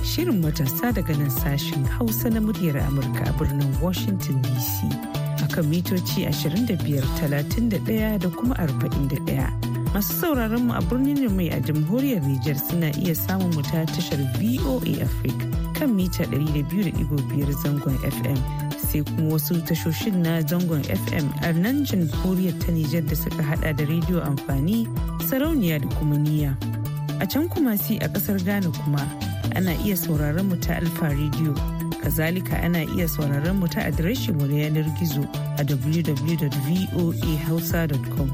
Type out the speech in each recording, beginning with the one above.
Shirin matasa daga nan sashen Hausa na muryar Amurka a birnin Washington DC a kan mitoci 25,31 da kuma 41. Masu sauraron mu a birnin mai a jamhuriyar Nijar suna iya samun mu ta tashar VOA Africa kan mita 200.5 zangon FM. sai kuma wasu tashoshin na zangon FM a nan jamhuriyar ta Nijar da suka hada da rediyo amfani sarauniya da kuma niya. A can kuma si a kasar Ghana kuma ana iya sauraron mu ta Alfa Radio. Kazalika ana iya sauraron mu ta adireshin mu na yanar gizo a www.voahausa.com.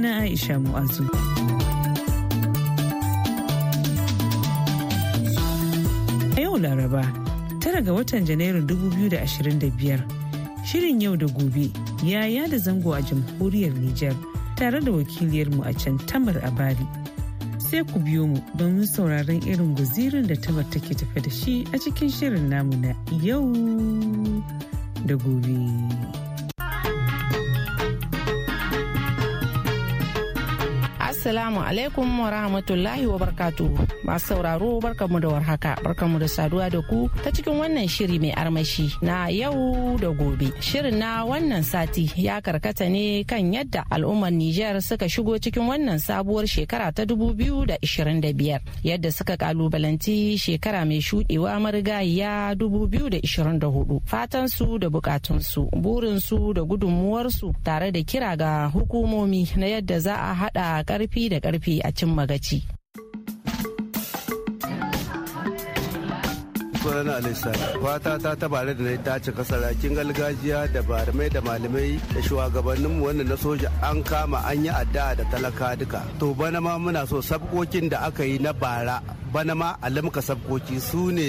na Aisha Mu'azu. A yau Laraba, tara ga watan Janairun 2025, shirin yau da gobe ya yada zango a jamhuriyar Nijar tare da wakiliyarmu a can Tamar Abari. sai ku biyo mu don sauraron irin guzirin da tabar take tafe da shi a cikin shirin namu na yau da gobe. Assalamu alaikum wa rahmatullahi wa barkatu. Masu sauraro barkamu da warhaka, barkamu da saduwa da ku ta cikin wannan shiri mai armashi na yau da gobe. Shirin na wannan sati ya karkata ne kan yadda al'ummar Nijar suka shigo cikin wannan sabuwar shekara ta 2025. Yadda suka kalubalanci shekara mai shudewa marigayiya 2024. su da bukatunsu, burinsu da gudunmuwarsu tare da kira ga hukumomi na yadda za a haɗa ƙarfi da ƙarfi a cimma gaci. sunana alisa fata ta tabare da na ta ci kasarakin gargajiya da barmai da malamai da shugabanninmu wanda na soja an kama an yi addu'a da talaka duka to bana ma muna so sabkokin da aka yi na bara bana ma alamka sabkoki su ne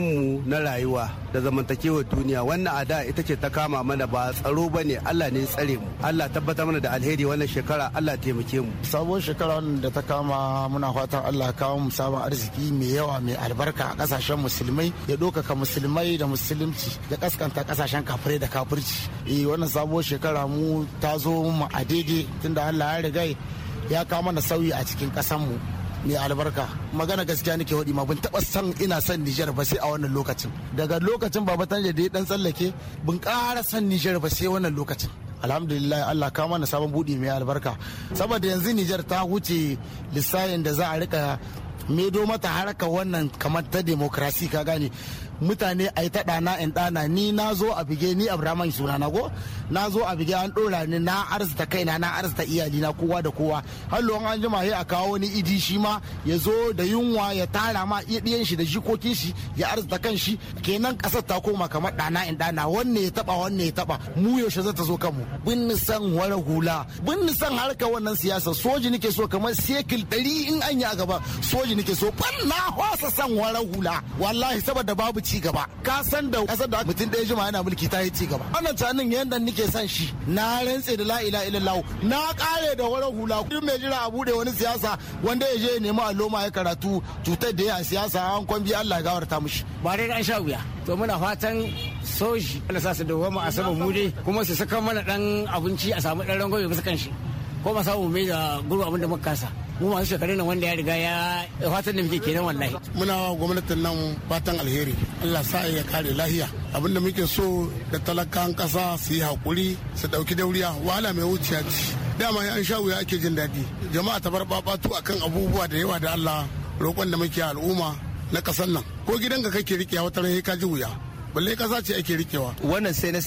mu na rayuwa da zamantakewar duniya wannan ada ita ce ta kama mana ba tsaro ba ne allah ne tsare mu allah tabbata mana da alheri wannan shekara allah taimake mu sabon shekara da ta kama muna fatan allah kawo mu samun arziki mai yawa mai albarka a kasashen mu musulmai ya ɗaukaka musulmai da musulunci ya kaskanta kasashen kafirai da kafurci e eh, wannan sabuwar shekara mu ta zo mu a daidai tunda Allah ya riga ya kawo mana sauyi a cikin mu mai albarka magana gaskiya nake hodi ma bin taba san ina son Nijar ba sai a wannan lokacin daga lokacin baba tanje da ya dan tsallake bin ƙara son Nijar ba sai wannan lokacin alhamdulillah Allah ka mana sabon buɗi mai albarka saboda yanzu Nijar ta huce lissayin da za a rika medo mata haraka wannan kamar ta demokrasi ka gane mutane a yi taɗa na in ɗana ni na zo a bige ni abraman suna na go na zo a bige an ɗora ni na arzita kaina na arzita iyali na kowa da kowa lo an jima a kawo ni idi shi ma ya zo da yunwa ya tara ma ɗiyan shi da jikokin shi ya arzita kan shi kenan ƙasar ta koma kamar ɗana in ɗana wanne ya taɓa wanne ya taɓa mu yaushe za ta zo kanmu bin san wara hula bin san harka wannan siyasa soji nake so kamar sekil ɗari in an yi a gaba soji nake so ban na hosa san wara hula wallahi saboda babu ci gaba ka san da kasar da mutum ɗaya jima yana mulki ta yi ci gaba wannan tunanin yadda nake son shi na rantse da la'ila ilallahu na kare da wani hula kuma mai jira a bude wani siyasa wanda ya je ya nemi alloma ya karatu cutar da ya siyasa an kwambi Allah ya gawarta mushi ba dai an sha wuya to muna fatan soji ana sa su dawama a saman mu kuma su saka mana dan abinci a samu dan rangon ya bisa shi ko ba samu mai da gurbin abin da muka kasa mu masu shekaru nan wanda ya riga ya fatan da muke kenan wallahi muna wa gwamnatin nan fatan alheri Allah sa ya kare lahiya abin da muke so da talakan kasa su yi hakuri su dauki dauriya wahala mai wuciya ci dama an sha wuya ake jin daɗi jama'a ta bar babatu akan abubuwa da yawa da Allah roƙon da muke al'umma na ƙasar nan ko gidan gidanka kake rike wata ran ka ji wuya balle kasa ce ake rikewa wannan sai na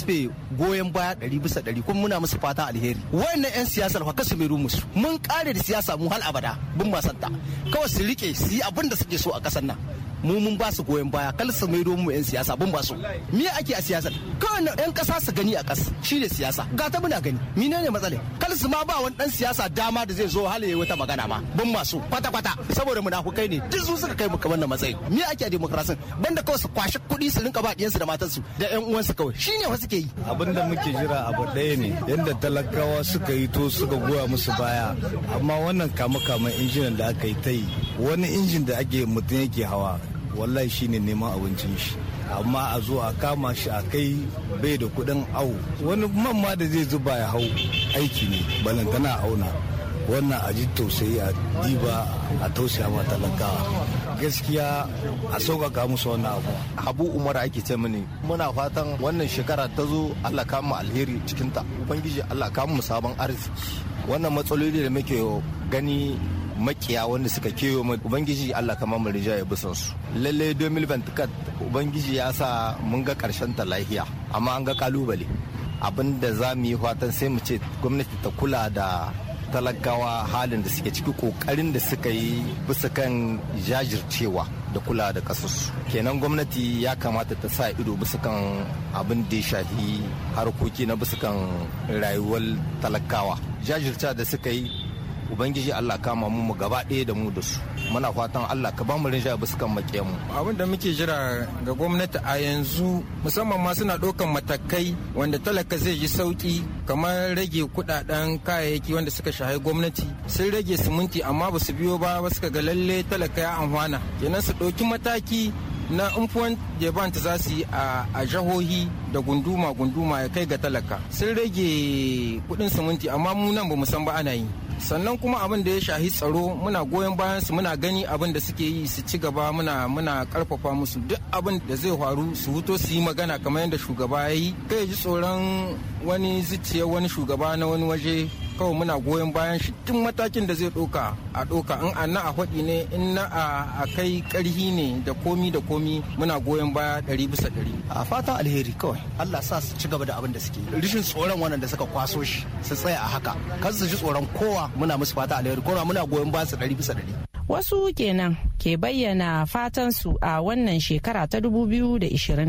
goyon baya ɗari bisa ɗari kuma muna musu fata alheri wannan yan siyasar fa kasu mai musu mun kare da siyasa mu hal abada bin masanta kawai su rike su yi abin da suke so a ƙasar nan mu mun ba su goyon baya kal su maido mu yan siyasa bun ba su me ake a siyasa kawai yan kasa su gani a kas shine siyasa ga ta muna gani ne matsalai kal su ma ba wani dan siyasa dama da zai zo yayi wata magana ma bun ba su kwata kwata saboda munafukai ne duk su suka kai mu wannan matsayi me ake a demokrasin banda kawai su kwashi kuɗi su rinka ba su da matansu da yan uwansu kawai shine wasu ke yi abinda muke jira abu daya ne yadda talakawa suka yi to suka goya musu baya amma wannan kama kama injinan da aka yi ta yi wani injin da ake mutum yake hawa wallahi shine neman abincin shi amma a zo a kama shi a kai bai da kuɗin awo wani mamma da zai zuba ya hau aiki ne balantana auna wannan a ji tausayi a diba a tausaya ma talakawa gaskiya a sauƙaƙa musu wannan abu habu umar ake ce mini muna fatan wannan shekara ta zo allah kamu alheri cikinta ubangiji allah kamu sabon arziki wannan matsaloli da muke gani makiya wanda suka kewa mu ubangiji Allah kama mu rija ya bisan su lalle 2024 ubangiji ya sa mun ga karshen ta lahiya amma an ga kalubale abin da za mu yi fatan sai mu ce gwamnati ta kula da talakawa halin da suke ciki kokarin da suka yi bisa kan jajircewa da kula da kasus kenan gwamnati ya kamata ta sa ido bisa kan abin da ya shafi harkoki na bisa kan rayuwar talakawa jajirta da suka yi ubangiji Allah kama mu mu gaba ɗaya da mu da su muna fatan Allah ka ba mu rinjaya bisa kan maƙiyan mu abin da muke jira ga gwamnati a yanzu musamman ma suna ɗaukan matakai wanda talaka zai yi sauki kamar rage kuɗaɗen kayayyaki wanda suka shahi gwamnati sun rage siminti amma ba su biyo ba ba suka ga lalle talaka ya amfana kenan su ɗauki mataki na umfuwan jeban ta za su yi a jahohi da gunduma gunduma ya kai ga talaka sun rage kudin siminti amma mu nan ba mu san ba ana yi sannan kuma abin da ya shahi tsaro muna goyon bayan su muna gani abin da suke yi su ci gaba muna muna karfafa musu duk abin da zai faru su huto su yi magana kamar yadda shugaba ya yi kai ji tsoron wani zuciya wani shugaba na wani waje kawai muna goyon bayan shi tun matakin da zai ɗoka a ɗoka in a na a haɗi ne in na a kai ƙarhi ne da komi da komi muna goyon baya ɗari bisa ɗari. a fatan alheri kawai allah sa su ci gaba da abin da suke rishin tsoron wannan da suka kwaso shi su tsaya a haka kan su ji tsoron kowa muna musu fata alheri kowa muna goyon bayan su ɗari bisa ɗari. wasu kenan ke bayyana fatan su a wannan shekara ta 2025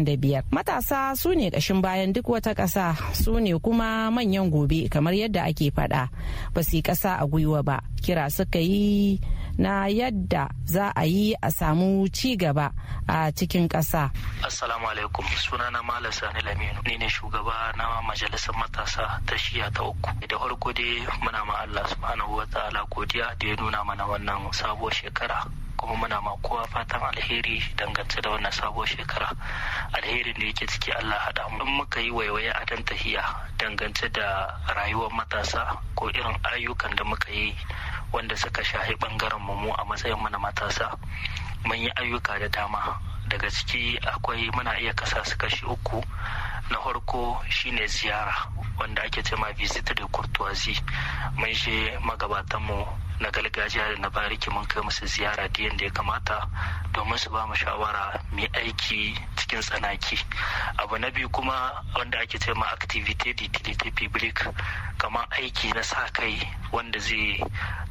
matasa su ne kashin bayan duk wata ƙasa su ne kuma manyan gobe kamar yadda ake faɗa ba su yi ƙasa a gwiwa ba kira suka yi na yadda za a yi a samu ci gaba a cikin ƙasa. Assalamu alaikum sunana Malam Sani Laminu ni ne shugaba na majalisar matasa ta shiya ta uku. Da farko dai muna ma Allah subhanahu wa ta'ala godiya da ya nuna mana wannan sabuwar shekara kuma muna ma kowa fatan alheri dangance da wannan sabuwar shekara alherin da yake ciki Allah haɗa mu muka yi waiwaye a dan tahiya dangance da rayuwar matasa ko irin ayyukan da muka yi wanda suka shahi ɓangaren mu a matsayin mu na matasa mun yi ayyuka da dama daga ciki akwai muna iya kasa su kashi uku na farko shine ziyara wanda ake cema visit de courtoisie mun je mu. na gargajiya da na bariki mun kai musu ziyara da yadda ya kamata domin su ba mu shawara mai aiki cikin tsanaki abu na biyu kuma wanda ake ce ma activity utility public kamar aiki na sa kai wanda zai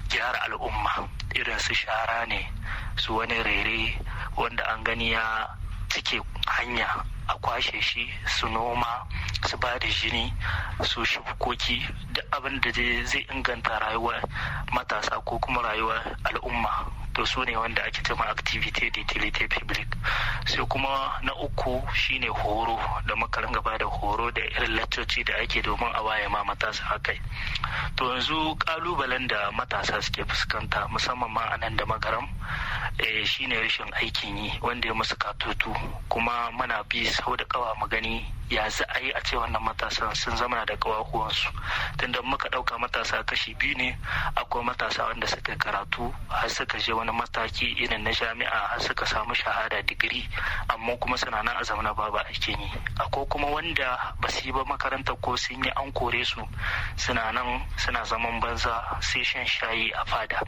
gyara al'umma irin su shara ne su wani rere wanda an gani ya cike hanya a kwashe shi su noma su ba da jini su shukoki da abin da zai inganta rayuwar matasa ko kuma rayuwar al'umma to su ne wanda ake cewa activity d'utilité publique sai kuma na uku shine horo da makarin gaba da horo da irin laccoci da ake domin a waye ma matasa akai to yanzu kalubalen da matasa suke fuskanta musamman ma anan da magaram eh, shine rashin aikin yi wanda ya musu katutu kuma muna bi sau da kawa mu gani ya za a yi a ce wannan matasa sun zama da kawakuwansu tunda muka ɗauka matasa kashi biyu ne akwai matasa wanda suka karatu har suka je wani mataki irin na jami'a har suka samu shahada digiri amma kuma suna nan a zamana babu aikin yi akwai kuma wanda ba su yi ba makarantar ko sun yi an kore su suna nan suna zaman banza sai shan shayi a fada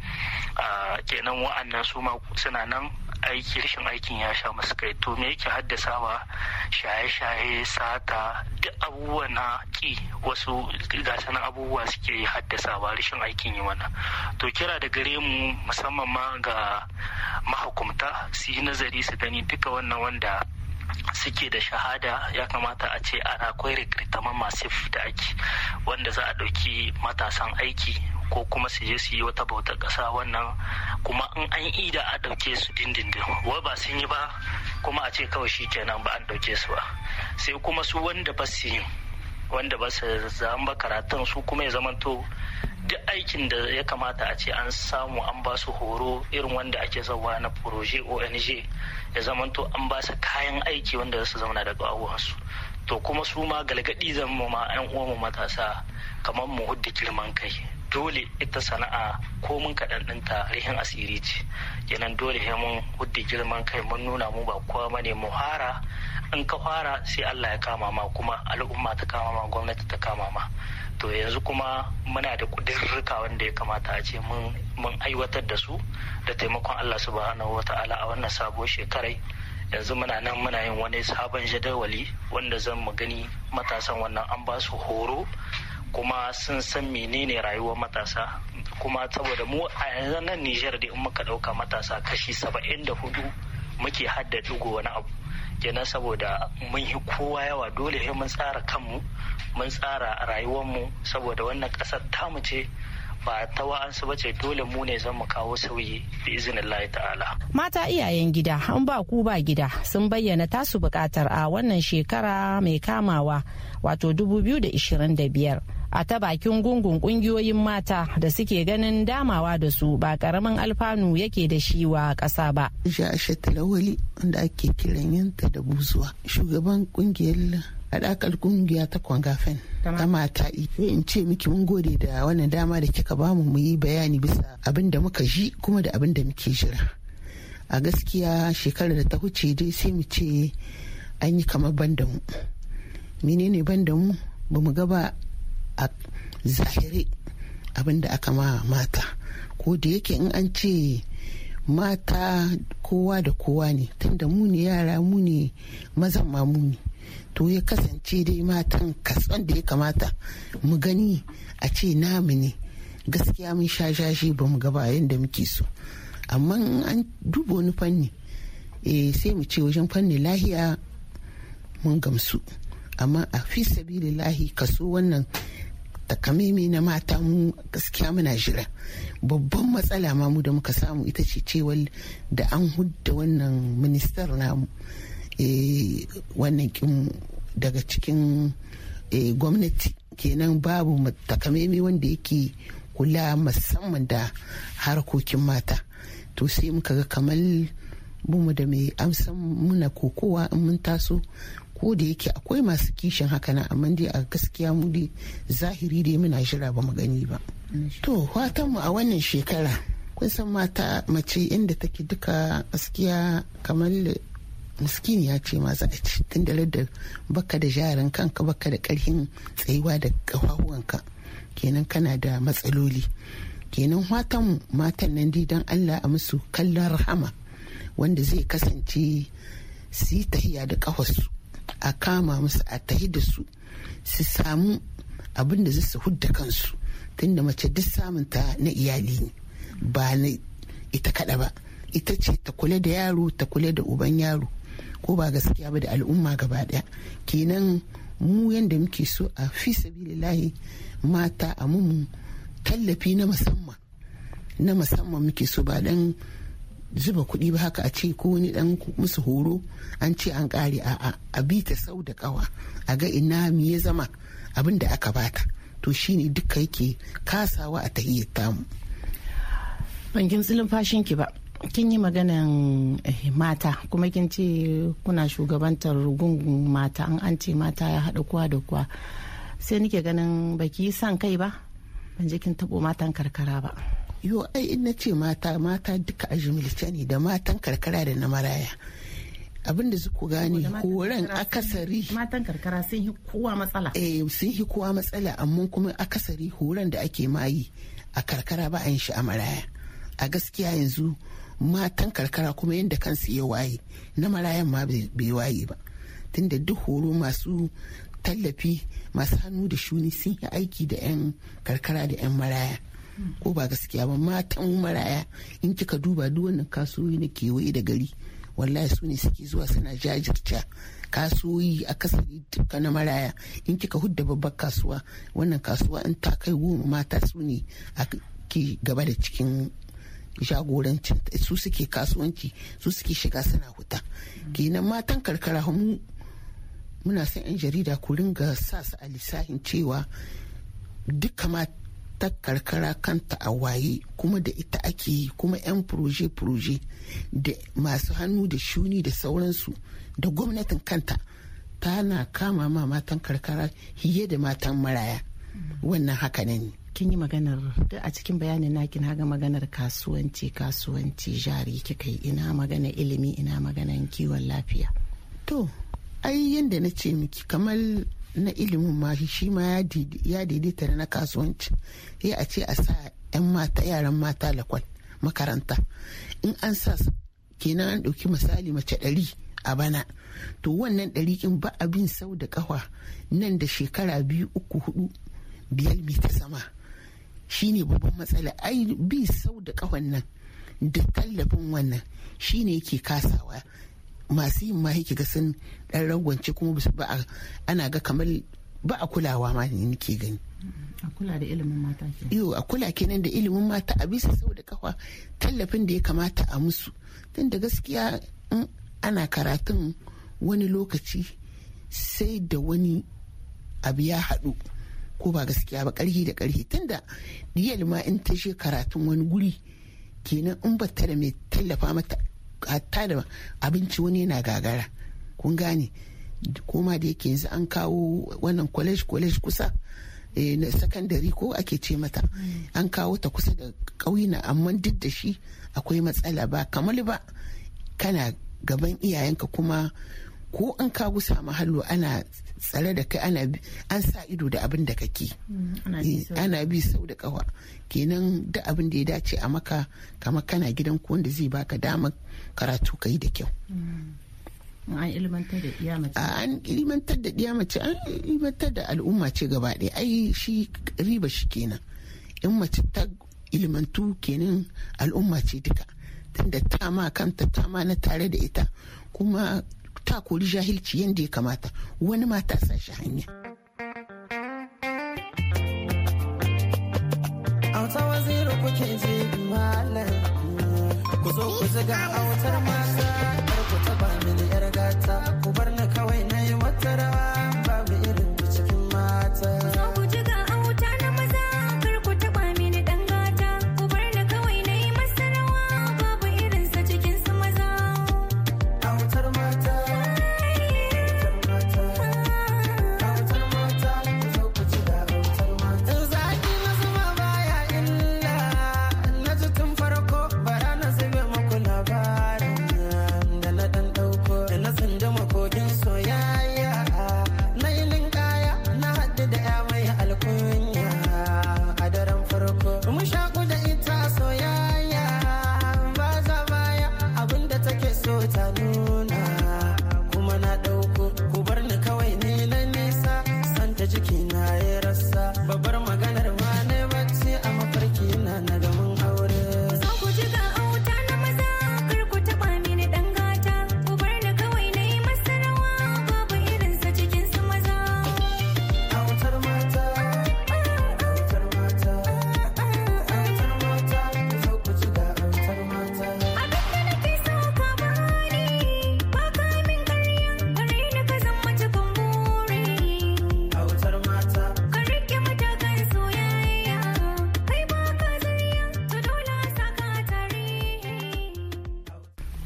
ah, kenan wa'annan su ma suna nan aiki rashin aikin ya sha masu kai to me yake haddasawa shaye-shaye sata duk abubuwa na ki wasu gasan abubuwa suke haddasawa rashin aikin yi wannan to kira da gare mu musamman ma ga mahukumta su yi nazari su gani duka wannan wanda suke da shahada ya kamata a ce ana akwai rikirtama masif da ake wanda za a ɗauki matasan aiki ko kuma su je su yi wata bautar ƙasa wannan kuma in an ida a ɗauke su dindindin wai ba sun yi ba kuma a ce kawai shi kenan ba an ɗauke su ba sai kuma su wanda ba su yi wanda ba su zama karatun su kuma ya zamanto duk aikin da ya kamata a ce an samu an ba su horo irin wanda ake zawa na proje ong ya zamanto an ba su kayan aiki wanda za su zauna daga abuwansu to kuma su ma galgadi zama ma 'yan uwanmu matasa kamar mu hudu girman kai dole ita sana'a ko mun kaɗan ɗinta rihin asiri ce yanan dole ya mun huddi girman kai mun nuna mu ba kowa ne mu hara in ka fara sai Allah ya kama ma kuma al'umma ta kama ma gwamnati ta kama ma to yanzu kuma muna da kudirrika wanda ya kamata a ce mun aiwatar da su da taimakon Allah subhanahu wata'ala a wannan sabuwar shekarai yanzu muna nan muna yin wani sabon jadawali wanda zan mu gani matasan wannan an ba su horo kuma sun san menene rayuwar matasa kuma saboda mu a yanzu nan Nijar da in muka ɗauka matasa kashi saba'in da hudu muke hadda dugo wani abu kenan saboda mun yi kowa yawa dole sai mun tsara kanmu mun tsara rayuwarmu saboda wannan kasar tamu ce ba ta wa'ansu ba ce dole mu ne zan mu kawo sauyi bi izinin Allah ta'ala. Mata iyayen gida an ba ku ba gida sun bayyana tasu bukatar a wannan shekara mai kamawa wato 2025. a ta bakin gungun kungiyoyin mata da suke ganin damawa da su ba karamin alfanu yake da shi wa ƙasa ba. Shashe Talawali wanda ake kiran yanta da buzuwa shugaban kungiyar haɗakar kungiya ta kwangafen ta mata in ce miki mun gode da wannan dama da kika bamu mu yi bayani bisa abin da muka ji kuma da abin da muke jira a gaskiya shekarar da ta huce dai sai mu ce an yi kamar ban da mu menene ban da mu ba mu gaba a zahiri abinda aka ma mata ko da yake in an ce mata kowa da kowa ne tunda mu ne yara mu ne mazan ma mu ne to ya kasance dai matan katsan da ya kamata mu gani a ce namu ne gaskiya mun sha shashi ba mu gaba yadda muke so amma an duba wani fanni e, sai mu ce wajen fanni lahiya mun gamsu amma a fi sabili lahi kaso wannan takamaimai na mata mu gaskiya muna jira babban matsala ma mu da muka samu ita ce cewar da an hudda wannan ministar namu eh, wannan kin daga cikin eh, gwamnati kenan babu takamaimai wanda yake kula musamman da harkokin mata to sai muka ga kamar mu da mai amsan muna kokowa in mun taso ko da yake akwai masu kishin haka na amma dai a gaskiya mu dai zahiri dai muna jira ba mu gani ba to fatan mu a wannan shekara kun san mata mace inda take duka gaskiya kamar miskini ya ce ma za a ci da baka da jarin kanka baka da karhin tsayuwa da kafafuwanka kenan kana da matsaloli kenan watan matan nan dai don allah a musu kallon rahama wanda zai kasance su yi tahiya da kawasu a kama musu a tahi da su su samu abin da zai su hudda kansu tunda mace duk samun ta na iyali ne ba na ita kada ba ita ce ta kula da yaro ta kula da uban yaro ko ba gaskiya ba da al'umma gaba daya kenan mu yadda muke so a fi sabilillahi mata a mummu tallafi na musamman na musamman muke so ba dan zuba kuɗi ba haka a ce ko wani dan musu horo an ce an ƙare a'a a bi ta sau da ƙawa a ga ina mi ya zama abin da aka bata to shine duka yake kasawa a tahiyyar tamu ban tsilin fashin ki ba kin yi maganan eh, mata kuma kin ce kuna shugabantar gungun mata an an ce mata ya haɗa kowa da kowa sai nike ganin baki san kai ba ban je kin taɓo matan karkara ba yo ai in ce mata mata duka a jimilce ne da matan karkara da na maraya abin da suku gane horon akasari matan karkara sun yi kowa matsala eh sun yi kowa matsala amma kuma akasari horon da ake mayi a karkara ba an shi a maraya a gaskiya yanzu matan karkara kuma yadda kansu ya waye na marayan ma bai waye ba tunda duk horo masu tallafi masu hannu da shuni sun yi aiki da 'yan karkara da 'yan maraya ko ba gaskiya ba matan maraya in kika duba duk wannan kasuwoyi na kewaye da gari wallahi su ne suke zuwa suna jajirta kasuwoyi a kasari duka na maraya in kika hudda babbar kasuwa wannan kasuwa in ta kai goma mata su ne a ke gaba da cikin jagorancin su suke kasuwanci su suke shiga suna huta kenan matan karkara mu muna son 'yan jarida ku ringa sa su a lissafin cewa duka mata ita karkara kanta a waye kuma da ita ake yi kuma 'yan proje-proje da masu hannu da shuni da sauransu da gwamnatin kanta tana kama ma matan karkara hiye da matan maraya wannan haka ne kin yi maganar a cikin bayanin nakin haga maganar kasuwanci kasuwanci jari kika yi ina magana ilimi ina maganan kiwon lafiya to ai yadda na ce miki kamar na ilimin ma shi ma ya daidaita na kasuwanci ya eh, a ce a sa 'yan mata yaran mata lakwal makaranta in an sa kenan an ɗauki misali mace ɗari a bana to wannan ɗari in ba abin sau da ƙafa nan da shekara biyu uku hudu biyar bi ta sama shine babban matsala ai bi sau da ƙawan nan da tallafin wannan shine yake kasawa masu yin ki ga sun dan ragwance kuma ba ana ga kamar ba a kulawa ma ne nake gani a kula da ilimin mata iyo a kula kenan da ilimin mata a bisa sau da kafa tallafin da ya kamata a musu tun da gaskiya in ana karatun wani lokaci sai da wani abu ya haɗu ko ba gaskiya ba ƙarhi da ƙarhi tun da diyal in ta karatun wani guri kenan in ba ta da mai tallafa mata hatta da abinci wani yana gagara kun gane koma da yake yanzu an kawo wannan college college kusa eh, na sakandare ko ake ce mata mm. an kawo ta kusa da ƙauyina amma duk da shi akwai matsala ba kamar ba kana gaban iyayenka kuma ko an kawo sa mahallo ana tsare da kai ana an sa ido da abin da kake mm, ana bi eh, sau da kawa kenan da abin da ya dace a maka kama kana gidan ko wanda zai baka damar karatu kai da kyau mm. an ilmantar da ɗiya mace an ilimantar da al'umma ce gaba ɗaya ai shi riba shi kenan in mace ta ilimantu kenan al'umma ce duka tunda ta ma kanta ta ma na tare da ita kuma ta kori jahilci yadda ya kamata wani mata sa shi hanya. Auta waziri kuke malam ku zo ku ziga autar mata ku taba mini yar gata.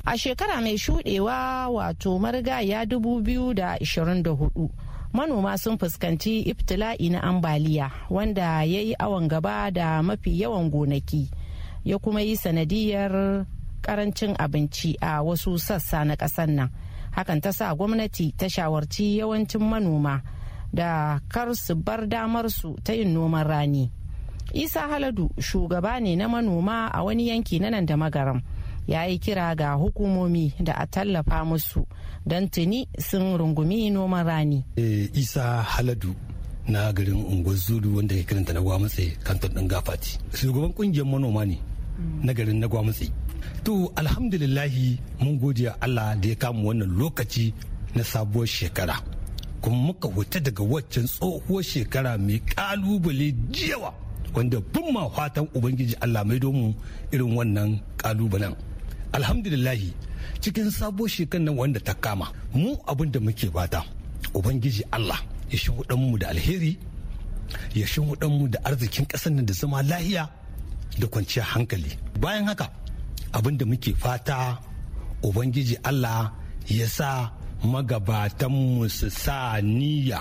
a shekara mai shudewa wato marigaya 2024 manoma sun fuskanci iftila'i na ambaliya wanda ya yi awon gaba da mafi yawan gonaki ya kuma yi sanadiyar karancin abinci a wasu sassa na ƙasar nan hakan ta sa gwamnati ta shawarci yawancin manoma da kar su bar damar su ta yin noman rani isa haladu shugaba ne na manoma a wani yanki na nan da magaram ya yi kira ga hukumomi da a tallafa musu don tuni sun rungumi noman rani. E, isa haladu na garin unguwar zulu wanda ke kiranta na gwamutse kanton ɗin gafati shugaban kungiyar manoma ne na garin na gwamutse to alhamdulillahi mun gode allah da ya kama wannan lokaci na sabuwar shekara kuma muka huta daga waccan tsohuwar shekara mai kalubale jiyawa wanda bin ma fatan ubangiji allah mai domu irin wannan kalubalen alhamdulillahi cikin sabo shekan nan wanda ta kama mu abin da muke bata ubangiji allah ya shi mu da alheri ya shi mu da arzikin ƙasar nan da zama lahiya da kwanciyar hankali bayan haka abin da muke fata ubangiji allah ya sa mu su sa niyya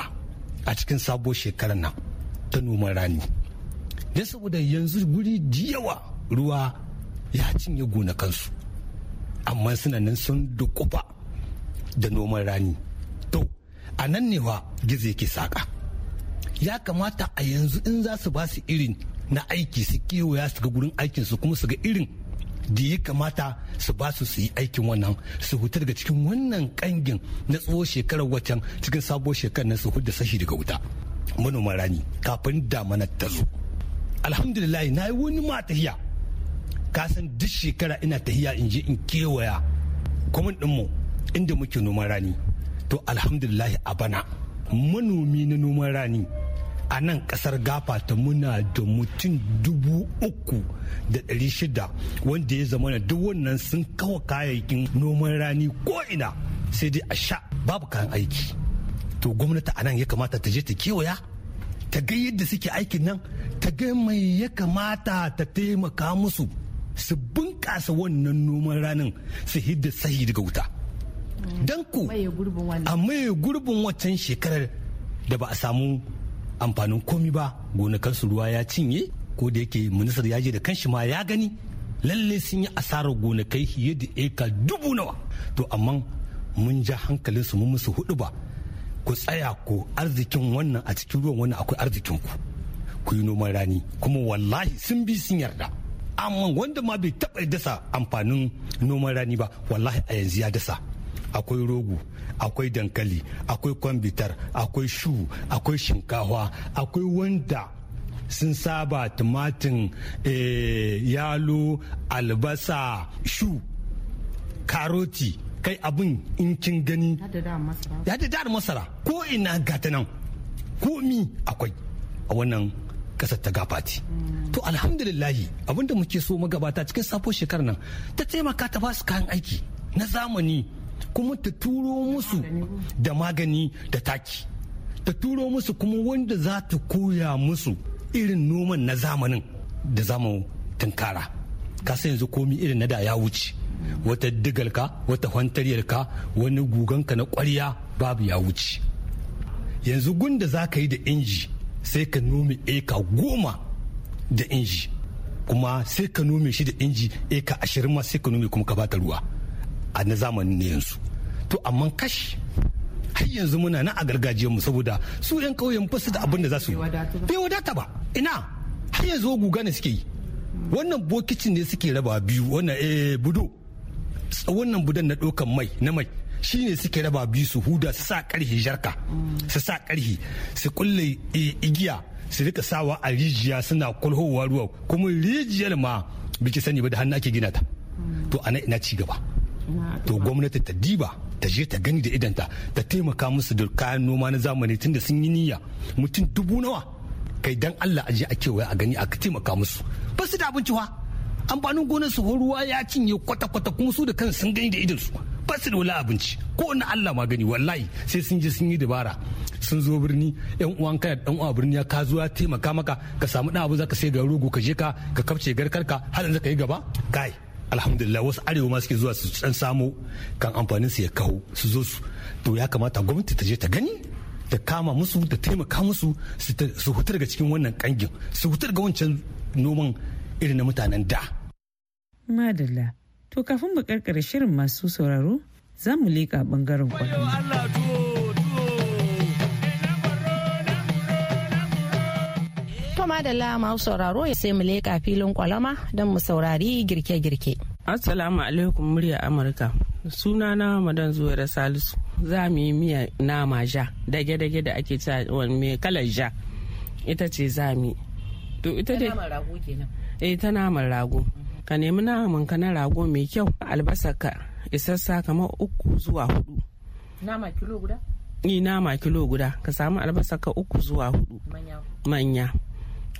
a cikin sabo shekarar nan ta noman rani don saboda yanzu guri da yawa ruwa ya cinye gonakansu amma suna nan sun dukufa da noman rani to a nan ne wa gizo yake saƙa ya kamata a yanzu in za su ba su irin na aiki su kewaya su ga gurin aikin su kuma su ga irin da ya kamata su ba su su yi aikin wannan su huta daga cikin wannan kangin na tsohon shekarar watan cikin sabuwar shekarar na su huda sashi daga wuta manoman rani kafin damana ta zo alhamdulillah na yi wani matahiya Kasan duk shekara ina tahiya in je in kewaya kuma dinmu inda muke noman rani to alhamdulillah a bana manomi na noman rani a nan kasar gafa ta muna da mutum dubu uku da ɗari shida wanda ya zama na duk wannan sun kawo kayayyakin noman rani ko ina sai dai a sha babu kayan aiki to gwamnati a nan ya kamata ta je ta kewaya ta ga yadda suke aikin nan ta ga mai ya kamata ta taimaka musu su bunƙasa wannan noman ranin su hidda sahi daga wuta don ku a maye gurbin waccan shekarar da ba a samu amfanin komi ba gonakansu ruwa ya cinye ko da yake ministar ya je da kanshi ma ya gani lalle sun yi asarar gonakai fiye da eka dubu nawa to amma mun ja hankalinsu mun musu hudu ba ku tsaya ku arzikin wannan a cikin ruwan wannan akwai arzikin ku ku yi noman rani kuma wallahi sun bi sun yarda amma wanda ma bai taɓa dasa amfanin noman rani ba wallahi a yanzu ya dasa akwai rogo akwai dankali akwai kwambitar akwai shu akwai shinkawa akwai wanda sun saba tumatin eh, yalo albasa shu karoti kai abin in kin gani ya da masara ko ina gata nan komi akwai a wannan kasar ta gafati to alhamdulillahi abinda muke so magabata cikin safo shekar nan ta taimaka ta basu kayan aiki na zamani kuma ta turo musu da magani da taki ta turo musu kuma wanda za ta koya musu irin noman na zamanin da zama tunkara kasa yanzu komi irin na da ya wuce wata digalka wata hantaryarka wani guganka na kwarya babu ya wuce yanzu gunda za ka yi da inji sai ka nome eka goma da inji kuma sai ka nome shi da inji eka ashirin ma sai ka nome kuma ka bata ruwa a na zamanin ne yanzu to amma kashi har yanzu muna na a gargajiyar mu saboda su yan kauyen ba su da abin da za su bai wadata ba ina har yanzu guga ne suke yi wannan bokicin ne suke raba biyu wannan eh budo wannan budan na dokan mai na mai Shi ne suke raba biyu su huda su sa karhi jarka su sa karhi su kulle igiya su rika sawa a rijiya suna kulhowa ruwa kuma rijiyar ma biki sani ba da hannu ake gina ta to ana ina ci gaba to gwamnati ta diba ta je ta gani da idanta ta taimaka musu da kayan noma na zamani tunda sun yi niyya mutum dubu nawa kai dan Allah a je a kewaya a gani a taimaka musu ba su da abinci wa amfanin gonar su ruwa ya cinye kwata-kwata kuma su da kan sun gani da su. ba su da wani abinci ko na Allah magani wallahi sai sun je sun yi dabara sun zo birni yan uwan kai dan uwa birni ya ka zuwa taimaka maka ka samu dan abu zaka sai ga rogo ka je ka ka kafce ka har yanzu ka yi gaba kai alhamdulillah wasu arewa ma suke zuwa su san samu kan amfanin su ya kawo su zo su to ya kamata gwamnati ta je ta gani ta kama musu ta taimaka musu su hutu daga cikin wannan kangin su hutu daga wancan noman irin na mutanen da madalla To kafin mu karkare shirin masu sauraro za mu leƙa bangaren kwallo. madalla masu sauraro ya sai mu leƙa filin kwalama don mu saurari girke-girke. Assalamu alaikum murya Amurka. suna na madan zuwa Salisu za mu yi miya nama ja dage-dage da ake wani mai kalar ja ita ce za mu yi. To ita dai. Ta naman rago kenan. Eh ta naman rago. ka nemi naman ka na rago mai kyau albasa ka isassa kamar uku zuwa hudu nama kilo guda ni nama kilo guda ka samu albasa ka uku zuwa hudu manya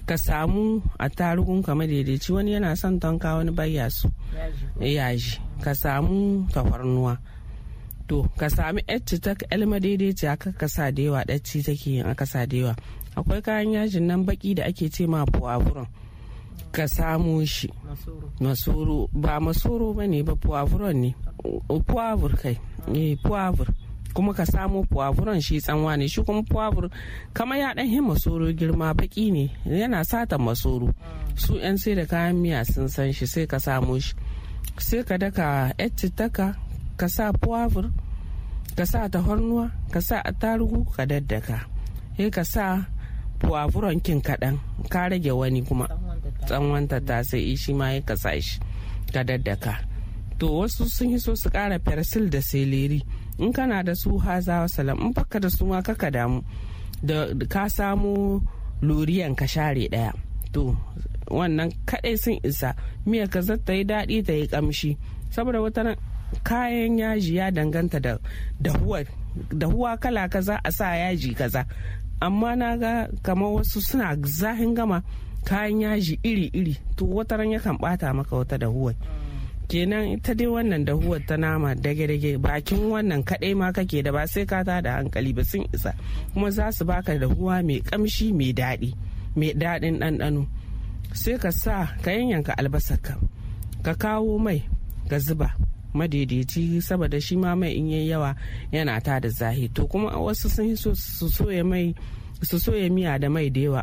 ka samu a tarugun ka madaidaici wani yana son tonka wani bayya su eh, yaji ka samu tafarnuwa to ka samu yacci ta elma daidaici aka kasa da yawa ɗacci take yin a sa da yawa akwai kayan yajin nan baki da ake ce ma puwafuran ka samo shi masoro ba masoro ba ne ba puwavuron ne puwavur kai eh, puwavur kuma ka samo puwavuron shi tsanwa ne shi kuma puwavur kama ya dan yi masoro girma baki ne yana sata masoro su yan sai da kayan miya sun san shi sai ka samo shi sai ka daka taka ka sa puwavur ka sa ta hannuwa ka sa attarugu ka daddaka sai ka sa puwavuron kin kaɗan ka rage wani kuma tsanwanta ta sai shi ma ya katsa shi ka daddaka to wasu sun yi so su kara persil da seleri in kana da su wa salam in baka da su ma kaka damu da ka samu luriyan ka share daya to wannan kadai sun isa miyar ka ta yi daɗi ta yi kamshi saboda wata kayan yaji ya danganta da dahuwa kala kaza a sa yaji kaza amma na ga kamar wasu suna zahin gama kayan yaji iri-iri to wata ran yakan bata maka wata dahuwar kenan ita dai wannan dahuwar ta nama dage-dage bakin wannan kadai ma kake da ba sai ka da hankali ba sun isa kuma za su baka dahuwa mai kamshi mai daɗi mai daɗin ɗanɗano sai ka sa ka yanyanka albasar ka ka kawo mai ga zuba madaidaici saboda shi ma mai in yi yawa yana ta da zahi to kuma wasu sun so su soya mai su soya miya da mai da yawa